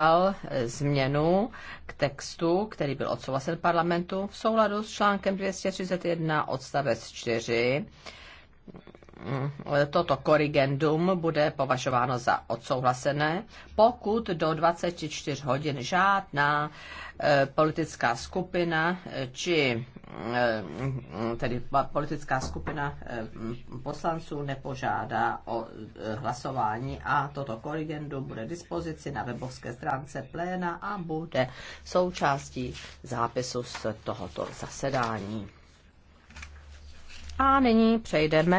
dal eh, změnu k textu, který byl odsouhlasen parlamentu v souladu s článkem 231 odstavec 4. Mm, toto korrigendum bude považováno za odsouhlasené, pokud do 24 hodin žádná eh, politická skupina eh, či Eh, tedy politická skupina eh, poslanců nepožádá o eh, hlasování a toto korrigendum bude dispozici na webovské stránce pléna a bude součástí zápisu z tohoto zasedání. A nyní přejdeme